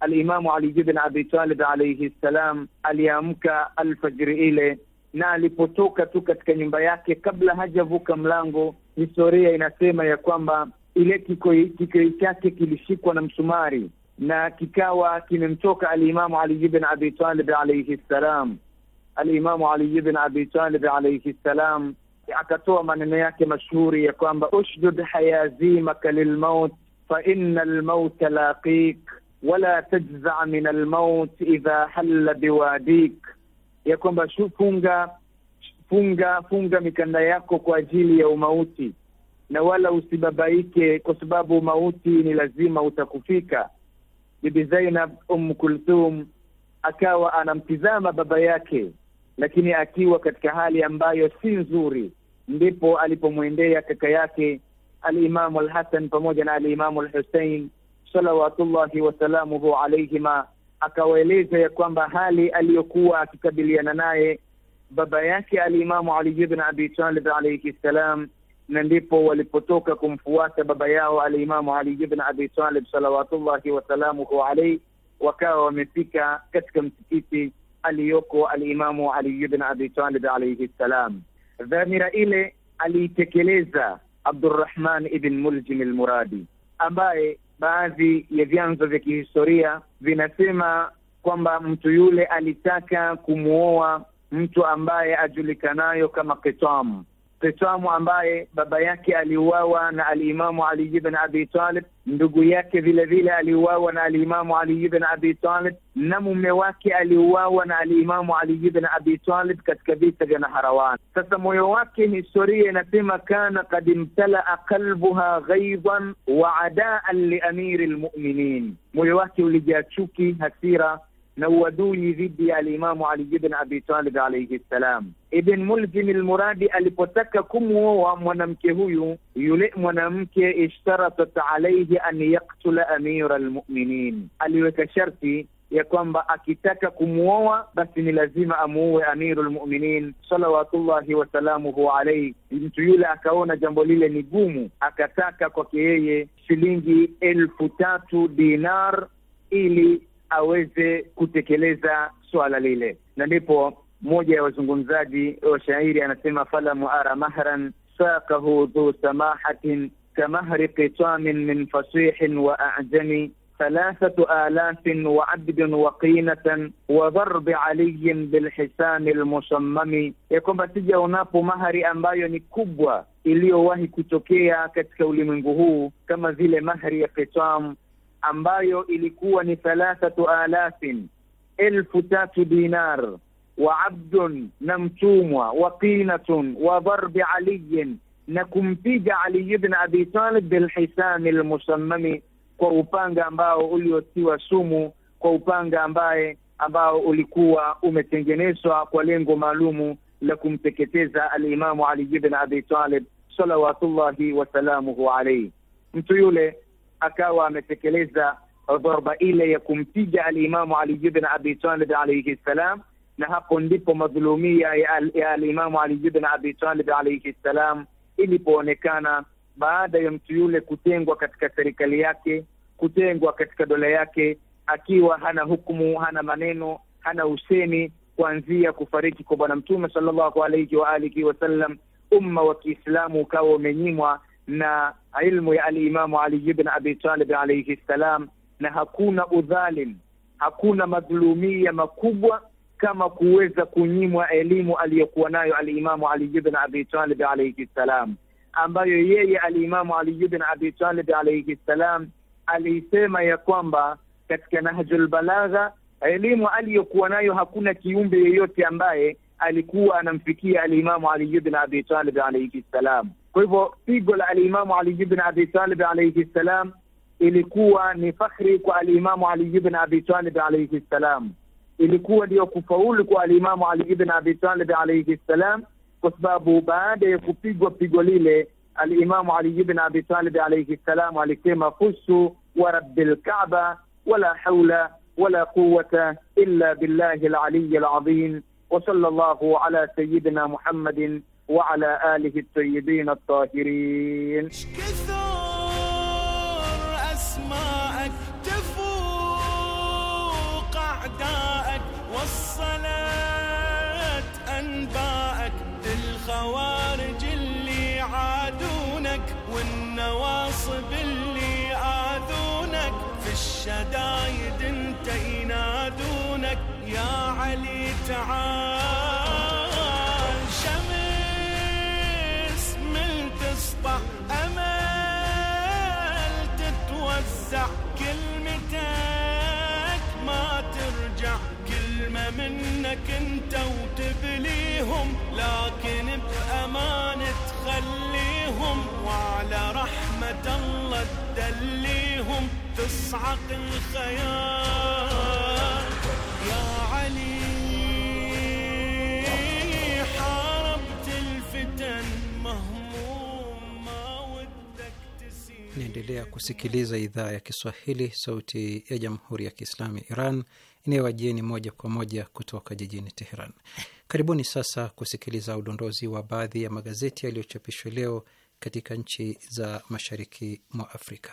Alimamu Ali bin Abi Talib alaihi ssalam aliamka alfajiri ile, na alipotoka tu katika nyumba yake, kabla hajavuka mlango, historia inasema ya kwamba ile kikoi chake kilishikwa na msumari na kikawa kimemtoka Alimamu Ali bin Abi Talib alaihi ssalam alimamu Ali ibn Abi Talib alayhi salam, akatoa maneno yake mashuhuri ya kwamba ushdud hayazimaka lilmaut fa inna almauta laqik wala tajza min almaut idha halla biwadik, ya kwamba funga funga funga mikanda yako kwa ajili ya umauti na wala usibabaike, kwa sababu mauti ni lazima utakufika. Bibi Zainab Umm Kulthum akawa anamtizama baba yake lakini akiwa katika hali ambayo si nzuri, ndipo alipomwendea kaka yake Alimamu Alhasan pamoja na Alimamu Alhusein salawatullahi wasalamuhu alaihima, akawaeleza ya kwamba hali aliyokuwa akikabiliana naye baba yake Alimamu Ali ibn Abi Talib alaihi ssalam, na ndipo walipotoka kumfuata baba yao Alimamu Ali ibn Abi Talib salawatullahi wasalamuhu alaihi, wakawa wamefika katika msikiti aliyoko alimamu Ali ibn Abi Talib alayhi salam. Dhamira ile aliitekeleza Abdurrahman ibn Muljim al-Muradi, ambaye baadhi ya vyanzo vya kihistoria vinasema kwamba mtu yule alitaka kumwoa mtu ambaye ajulikanayo kama Kitam Tetamu ambaye baba yake aliuawa na alimamu Ali ibn Abi Talib, ndugu yake vile vile aliuawa na alimamu Ali ibn Abi Talib, na mume wake aliuawa na alimamu Ali ibn Abi Talib katika vita vya Naharawan. Sasa moyo wake, historia inasema kana kad imtalaa qalbuha ghaidan wa adaan liamiri lmuminin, moyo wake ulijaa chuki, hasira na uadui dhidi ya alimamu Ali ibn Abi Talib alayhi salam. Ibn Mulzim al alipotaka kumwoa mwanamke huyu, yule mwanamke ishtaratat alayhi an yaktula amira almu'minin, aliweka sharti ya kwamba akitaka kumwoa basi ni lazima amuue amiru lmuminin salawatullahi wasalamuhu alaihi. Mtu yule akaona jambo lile ni gumu, akataka kwake yeye shilingi elfu tatu dinar ili aweze kutekeleza swala lile, na ndipo mmoja ya wazungumzaji wa shairi anasema, falamu ara mahran saqahu dhu samahatin kamahri tamin min fasihin wa ajami thalathatu alafin wa abdin wa qinatan wa dharbi aliyin bilhisami lmusammami, ya kwamba sijaonapo mahari ambayo ni kubwa iliyowahi kutokea katika ulimwengu huu kama vile mahari ya Qitam ambayo ilikuwa ni thalathatu alafin elfu tatu dinar wa abdun na mtumwa wa qinatun wa dharbi aliyin na kumpiga Ali ibn Abi Talib bilhisami lmusammami, kwa upanga ambao uliotiwa sumu, kwa upanga ambaye ambao ulikuwa umetengenezwa kwa lengo maalumu la kumteketeza alimamu Ali ibn Abi Talib salawatullahi wasalamuhu alaihi. Mtu yule akawa ametekeleza dharba ile ya kumpiga alimamu Ali ibn Abi Talib alayhi salam, na hapo ndipo madhulumia ya alimamu Ali ibn Abi Talib alayhi salam ilipoonekana baada ya mtu yule kutengwa katika serikali yake, kutengwa katika dola yake, akiwa hana hukumu, hana maneno, hana usemi, kuanzia kufariki kwa Bwana Mtume sallallahu alayhi wa alihi wasallam, umma wa Kiislamu ukawa umenyimwa na ilmu ya alimamu Ali ibn Abi Talib alayhi salam na hakuna udhalim, hakuna madhulumia makubwa kama kuweza kunyimwa elimu aliyokuwa nayo alimamu Ali ibn Abi Talib alayhi salam ambayo yeye alimamu Ali ibn Abi Talib alayhi salam alisema ya kwamba katika Nahjul Balagha elimu aliyokuwa nayo hakuna kiumbe yeyote ambaye alikuwa anamfikia alimamu Ali ibn Abi Talib alayhi salam Kwa hivyo pigo la Alimamu Ali ibn Abi Talib alayhi salam ilikuwa ni fakhri kwa Alimamu Ali ibn Abi Talib alayhi salam, ilikuwa ndiyo kufaulu kwa Alimamu Ali ibn Abi Talib alayhi salam, kwa sababu baada ya kupigwa pigo lile Alimamu Ali ibn Abi Talib alayhi salam alisema fusu wa rabbi lkaba wala haula ولا قوة إلا بالله العلي العظيم وصلى الله على سيدنا محمد وعلى آله الطيبين الطاهرين كثر أسماءك تفوق أعدائك والصلاة أنباءك الخوارج اللي عادونك والنواصب اللي آذونك في الشدايد انت ينادونك يا علي تعال امل تتوزع كلمتك ما ترجع كلمة منك انت وتبليهم لكن بامان تخليهم وعلى رحمة الله تدليهم تصعق الخيال Naendelea kusikiliza idhaa ya Kiswahili, sauti ya jamhuri ya kiislamu ya Iran inayowajieni moja kwa moja kutoka jijini Teheran. Karibuni sasa kusikiliza udondozi wa baadhi ya magazeti yaliyochapishwa leo katika nchi za mashariki mwa Afrika.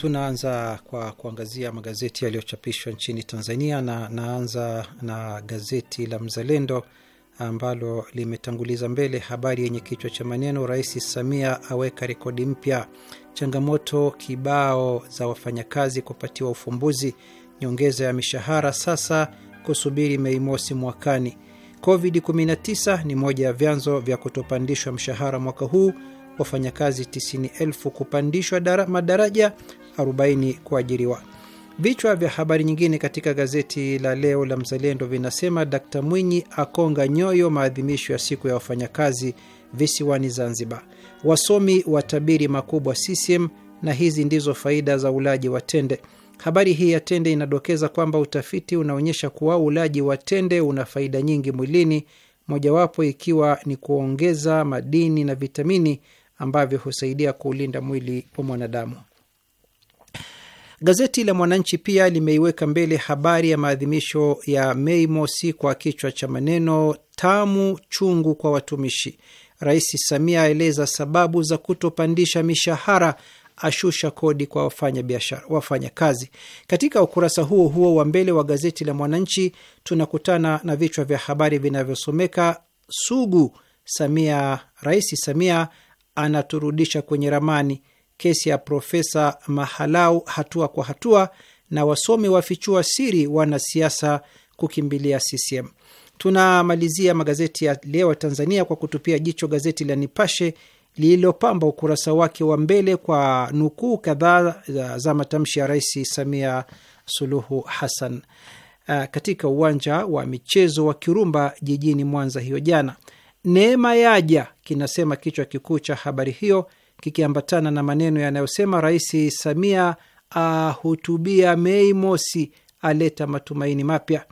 Tunaanza kwa kuangazia magazeti yaliyochapishwa nchini Tanzania na naanza na gazeti la Mzalendo ambalo limetanguliza mbele habari yenye kichwa cha maneno Rais Samia aweka rekodi mpya, changamoto kibao za wafanyakazi kupatiwa ufumbuzi, nyongeza ya mishahara sasa kusubiri Mei Mosi mwakani, COVID-19 ni moja ya vyanzo vya kutopandishwa mshahara mwaka huu, wafanyakazi 90,000 kupandishwa madaraja 40 kuajiriwa. Vichwa vya habari nyingine katika gazeti la leo la Mzalendo vinasema: Dkt Mwinyi akonga nyoyo maadhimisho ya siku ya wafanyakazi visiwani Zanzibar, wasomi watabiri makubwa CCM, na hizi ndizo faida za ulaji wa tende. Habari hii ya tende inadokeza kwamba utafiti unaonyesha kuwa ulaji wa tende una faida nyingi mwilini, mojawapo ikiwa ni kuongeza madini na vitamini ambavyo husaidia kuulinda mwili wa mwanadamu. Gazeti la Mwananchi pia limeiweka mbele habari ya maadhimisho ya Mei Mosi kwa kichwa cha maneno tamu chungu kwa watumishi. Rais Samia aeleza sababu za kutopandisha mishahara, ashusha kodi kwa wafanyabiashara, wafanyakazi. Katika ukurasa huo huo wa mbele wa gazeti la Mwananchi tunakutana na vichwa vya habari vinavyosomeka sugu Samia, Rais Samia anaturudisha kwenye ramani kesi ya Profesa Mahalau hatua kwa hatua, na wasomi wafichua siri wanasiasa kukimbilia CCM. Tunamalizia magazeti ya leo ya Tanzania kwa kutupia jicho gazeti la Nipashe lililopamba ukurasa wake wa mbele kwa nukuu kadhaa za matamshi ya Rais Samia Suluhu Hassan uh, katika uwanja wa michezo wa Kirumba jijini Mwanza hiyo jana. Neema yaja kinasema kichwa kikuu cha habari hiyo kikiambatana na maneno yanayosema Rais Samia ahutubia Mei Mosi, aleta matumaini mapya.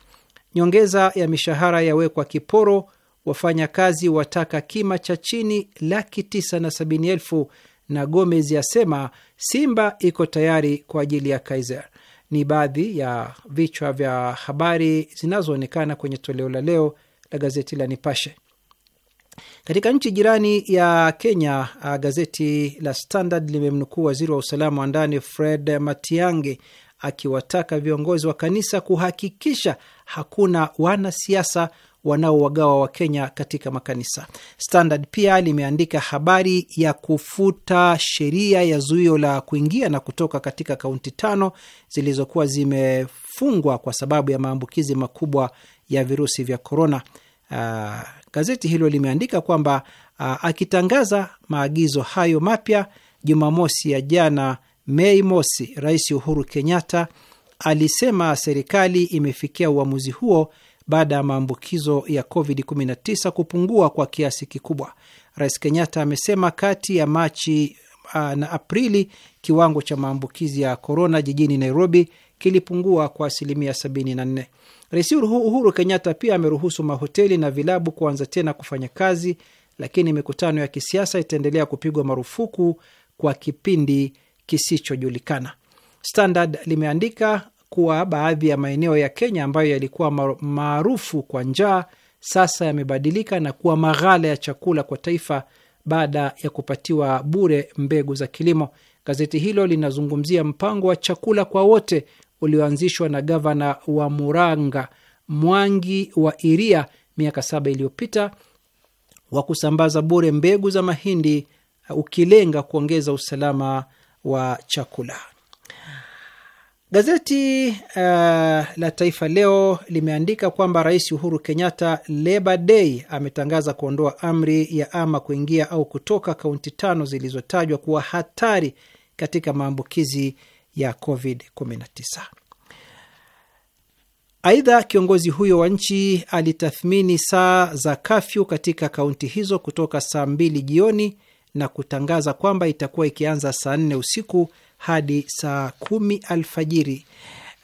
Nyongeza ya mishahara yawekwa kiporo, wafanyakazi wataka kima cha chini laki tisa na sabini elfu na Gomez yasema Simba iko tayari kwa ajili ya Kaiser. Ni baadhi ya vichwa vya habari zinazoonekana kwenye toleo la leo la gazeti la Nipashe. Katika nchi jirani ya Kenya, gazeti la Standard limemnukuu waziri wa usalama wa ndani Fred Matiang'i akiwataka viongozi wa kanisa kuhakikisha hakuna wanasiasa wanaowagawa Wakenya katika makanisa. Standard pia limeandika habari ya kufuta sheria ya zuio la kuingia na kutoka katika kaunti tano zilizokuwa zimefungwa kwa sababu ya maambukizi makubwa ya virusi vya korona. Uh, Gazeti hilo limeandika kwamba uh, akitangaza maagizo hayo mapya Jumamosi ya jana Mei mosi, Rais Uhuru Kenyatta alisema serikali imefikia uamuzi huo baada ya maambukizo ya COVID-19 kupungua kwa kiasi kikubwa. Rais Kenyatta amesema kati ya Machi uh, na Aprili kiwango cha maambukizi ya korona jijini Nairobi kilipungua kwa asilimia 74. Rais Uhuru Kenyatta pia ameruhusu mahoteli na vilabu kuanza tena kufanya kazi, lakini mikutano ya kisiasa itaendelea kupigwa marufuku kwa kipindi kisichojulikana. Standard limeandika kuwa baadhi ya maeneo ya Kenya ambayo yalikuwa maarufu kwa njaa sasa yamebadilika na kuwa maghala ya chakula kwa taifa baada ya kupatiwa bure mbegu za kilimo. Gazeti hilo linazungumzia mpango wa chakula kwa wote ulioanzishwa na gavana wa Muranga Mwangi wa Iria miaka saba iliyopita wa kusambaza bure mbegu za mahindi uh, ukilenga kuongeza usalama wa chakula. Gazeti uh, la Taifa Leo limeandika kwamba Rais Uhuru Kenyatta leba Day ametangaza kuondoa amri ya ama kuingia au kutoka kaunti tano zilizotajwa kuwa hatari katika maambukizi ya COVID-19. Aidha, kiongozi huyo wa nchi alitathmini saa za kafyu katika kaunti hizo kutoka saa mbili jioni na kutangaza kwamba itakuwa ikianza saa nne usiku hadi saa kumi alfajiri.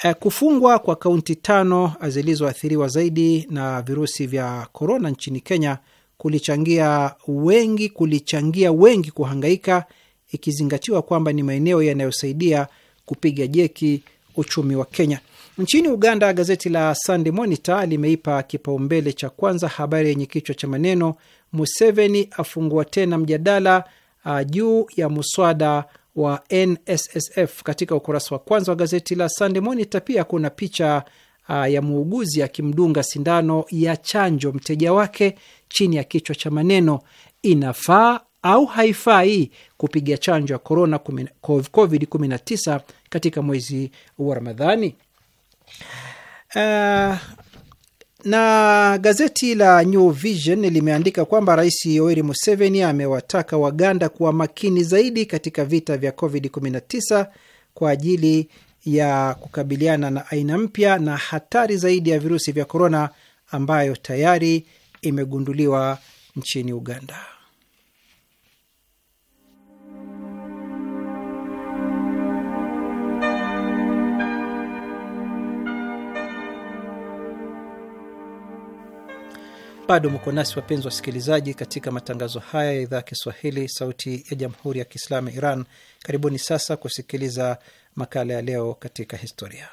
Eh, kufungwa kwa kaunti tano zilizoathiriwa zaidi na virusi vya korona nchini Kenya kulichangia wengi kulichangia wengi kuhangaika, ikizingatiwa kwamba ni maeneo yanayosaidia kupiga jeki uchumi wa Kenya. Nchini Uganda, gazeti la Sunday Monitor limeipa kipaumbele cha kwanza habari yenye kichwa cha maneno Museveni afungua tena mjadala ah, juu ya muswada wa NSSF. Katika ukurasa wa kwanza wa gazeti la Sunday Monitor pia kuna picha uh, ya muuguzi akimdunga sindano ya chanjo mteja wake chini ya kichwa cha maneno inafaa au haifai kupiga chanjo ya korona COVID-19 katika mwezi wa Ramadhani. Uh, na gazeti la New Vision limeandika kwamba Rais Yoweri Museveni amewataka Waganda kuwa makini zaidi katika vita vya COVID-19 kwa ajili ya kukabiliana na aina mpya na hatari zaidi ya virusi vya korona ambayo tayari imegunduliwa nchini Uganda. Bado mko nasi wapenzi wasikilizaji, katika matangazo haya ya idhaa ya Kiswahili, Sauti ya Jamhuri ya Kiislamu ya Iran. Karibuni sasa kusikiliza makala ya Leo katika Historia.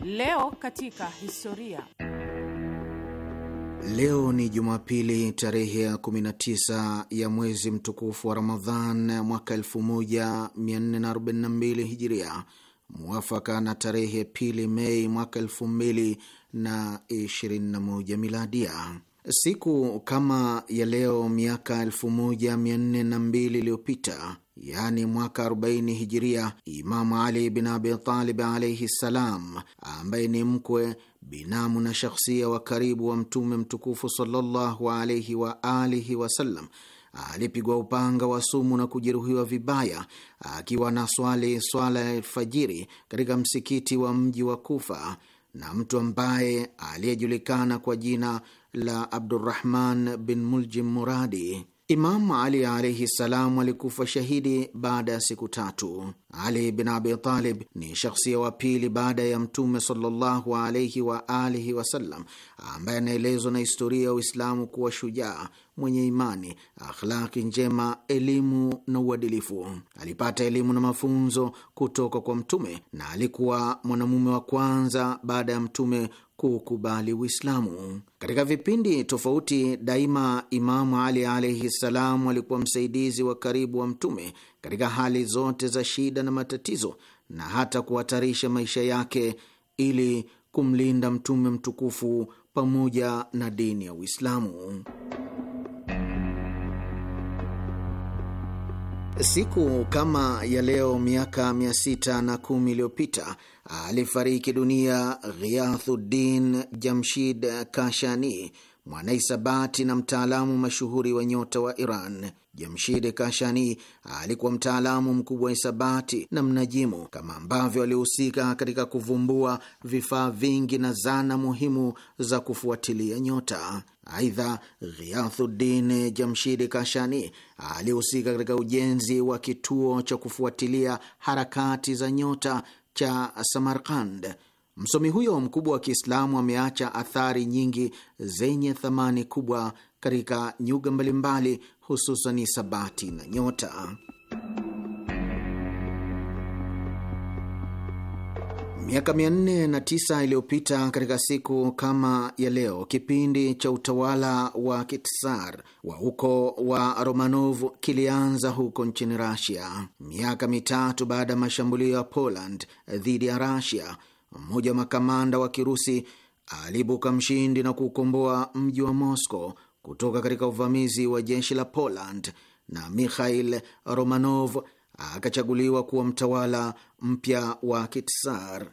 Leo katika historia Leo ni Jumapili, tarehe ya 19 ya mwezi mtukufu wa Ramadhan mwaka 1442 Hijiria, mwafaka na tarehe pili Mei mwaka 2021 Miladia. Siku kama ya leo miaka 142 iliyopita, yaani mwaka 40 hijiria, Imamu Ali bin Abitalib alaihi ssalam, ambaye ni mkwe, binamu na shakhsia wa karibu wa Mtume mtukufu sallallahu alaihi wa alihi wasallam alipigwa upanga wa sumu na kujeruhiwa vibaya akiwa na swali swala ya alfajiri katika msikiti wa mji wa Kufa na mtu ambaye aliyejulikana kwa jina la Abdurrahman bin Muljim Muradi. Imamu Ali alaihi salam alikufa shahidi baada ya siku tatu. Ali bin Abi Talib ni shakhsia wa pili baada ya Mtume sallallahu alaihi wa alihi wasallam ambaye anaelezwa na historia ya Uislamu kuwa shujaa mwenye imani, akhlaki njema, elimu na uadilifu. Alipata elimu na mafunzo kutoka kwa Mtume na alikuwa mwanamume wa kwanza baada ya Mtume kukubali Uislamu. Katika vipindi tofauti daima, Imamu Ali alaihi ssalam alikuwa msaidizi wa karibu wa Mtume katika hali zote za shida na matatizo, na hata kuhatarisha maisha yake ili kumlinda Mtume mtukufu pamoja na dini ya Uislamu. Siku kama ya leo miaka mia sita na kumi iliyopita alifariki dunia Ghiathuddin Jamshid Kashani, mwanahisabati na mtaalamu mashuhuri wa nyota wa Iran. Jamshid Kashani alikuwa mtaalamu mkubwa wa hisabati na mnajimu, kama ambavyo alihusika katika kuvumbua vifaa vingi na zana muhimu za kufuatilia nyota. Aidha, Ghiathuddin Jamshid Kashani alihusika katika ujenzi wa kituo cha kufuatilia harakati za nyota cha Samarkand. Msomi huyo mkubwa wa Kiislamu ameacha athari nyingi zenye thamani kubwa katika nyuga mbalimbali, hususan sabati na nyota. Miaka 409 iliyopita katika siku kama ya leo, kipindi cha utawala wa Kitsar wa uko wa Romanov kilianza huko nchini Rasia. Miaka mitatu baada ya mashambulio ya Poland dhidi ya Rasia, mmoja wa makamanda wa Kirusi alibuka mshindi na kuukomboa mji wa Moscow kutoka katika uvamizi wa jeshi la Poland na Mikhail Romanov akachaguliwa kuwa mtawala mpya wa Kitsar.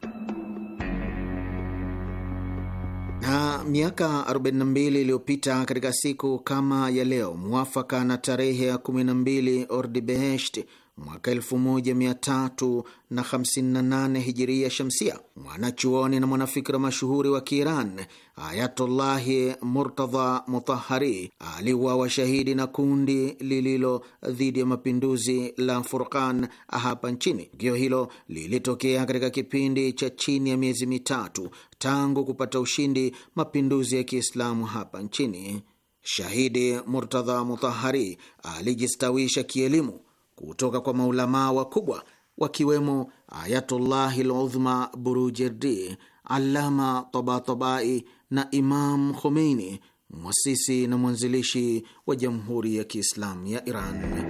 Na miaka 42 iliyopita katika siku kama ya leo, mwafaka na tarehe ya 12 Ordibehesht mwaka 1358 hijiria shamsia, mwanachuoni na mwanafikira mashuhuri wa Kiiran Ayatullahi Murtadha Mutahari aliuawa shahidi na kundi lililo dhidi ya mapinduzi la Furqan hapa nchini. Tukio hilo lilitokea katika kipindi cha chini ya miezi mitatu tangu kupata ushindi mapinduzi ya Kiislamu hapa nchini. Shahidi Murtadha Mutahari alijistawisha kielimu kutoka kwa maulamaa wakubwa wakiwemo Ayatullahi Ludhma Burujerdi, alama Tabatabai na Imam Khomeini, mwasisi na mwanzilishi wa Jamhuri ya Kiislamu ya Iran.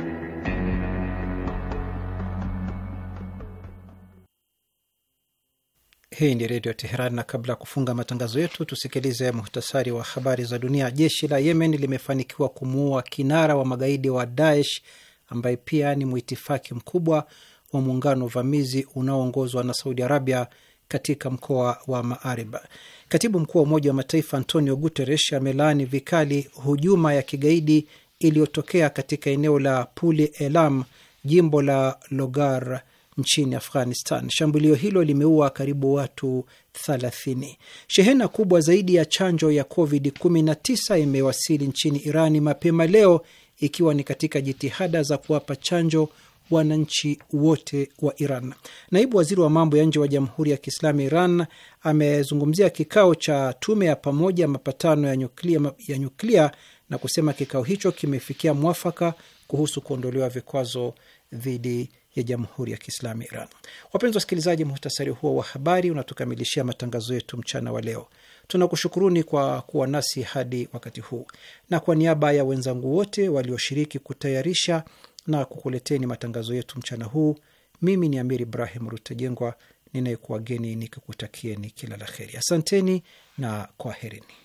Hii ni Redio Teheran, na kabla ya kufunga matangazo yetu tusikilize muhtasari wa habari za dunia. Jeshi la Yemen limefanikiwa kumuua kinara wa magaidi wa Daesh ambaye pia ni mwitifaki mkubwa wa muungano uvamizi unaoongozwa na Saudi Arabia katika mkoa wa Maarib. Katibu mkuu wa Umoja wa Mataifa Antonio Guterres amelaani vikali hujuma ya kigaidi iliyotokea katika eneo la Puli Elam, jimbo la Logar nchini Afghanistan. Shambulio hilo limeua karibu watu 30. Shehena kubwa zaidi ya chanjo ya COVID-19 imewasili nchini Irani mapema leo ikiwa ni katika jitihada za kuwapa chanjo wananchi wote wa Iran. Naibu waziri wa mambo ya nje wa Jamhuri ya Kiislamu Iran amezungumzia kikao cha tume ya pamoja mapatano ya nyuklia, ya nyuklia na kusema kikao hicho kimefikia mwafaka kuhusu kuondolewa vikwazo dhidi ya Jamhuri ya Kiislamu Iran. Wapenzi wasikilizaji, muhtasari huo wa habari unatukamilishia matangazo yetu mchana wa leo. Tunakushukuruni kwa kuwa nasi hadi wakati huu, na kwa niaba ya wenzangu wote walioshiriki kutayarisha na kukuleteni matangazo yetu mchana huu, mimi ni Amir Ibrahim Rutajengwa ninayekuwageni nikikutakieni kila la heri. Asanteni na kwaherini.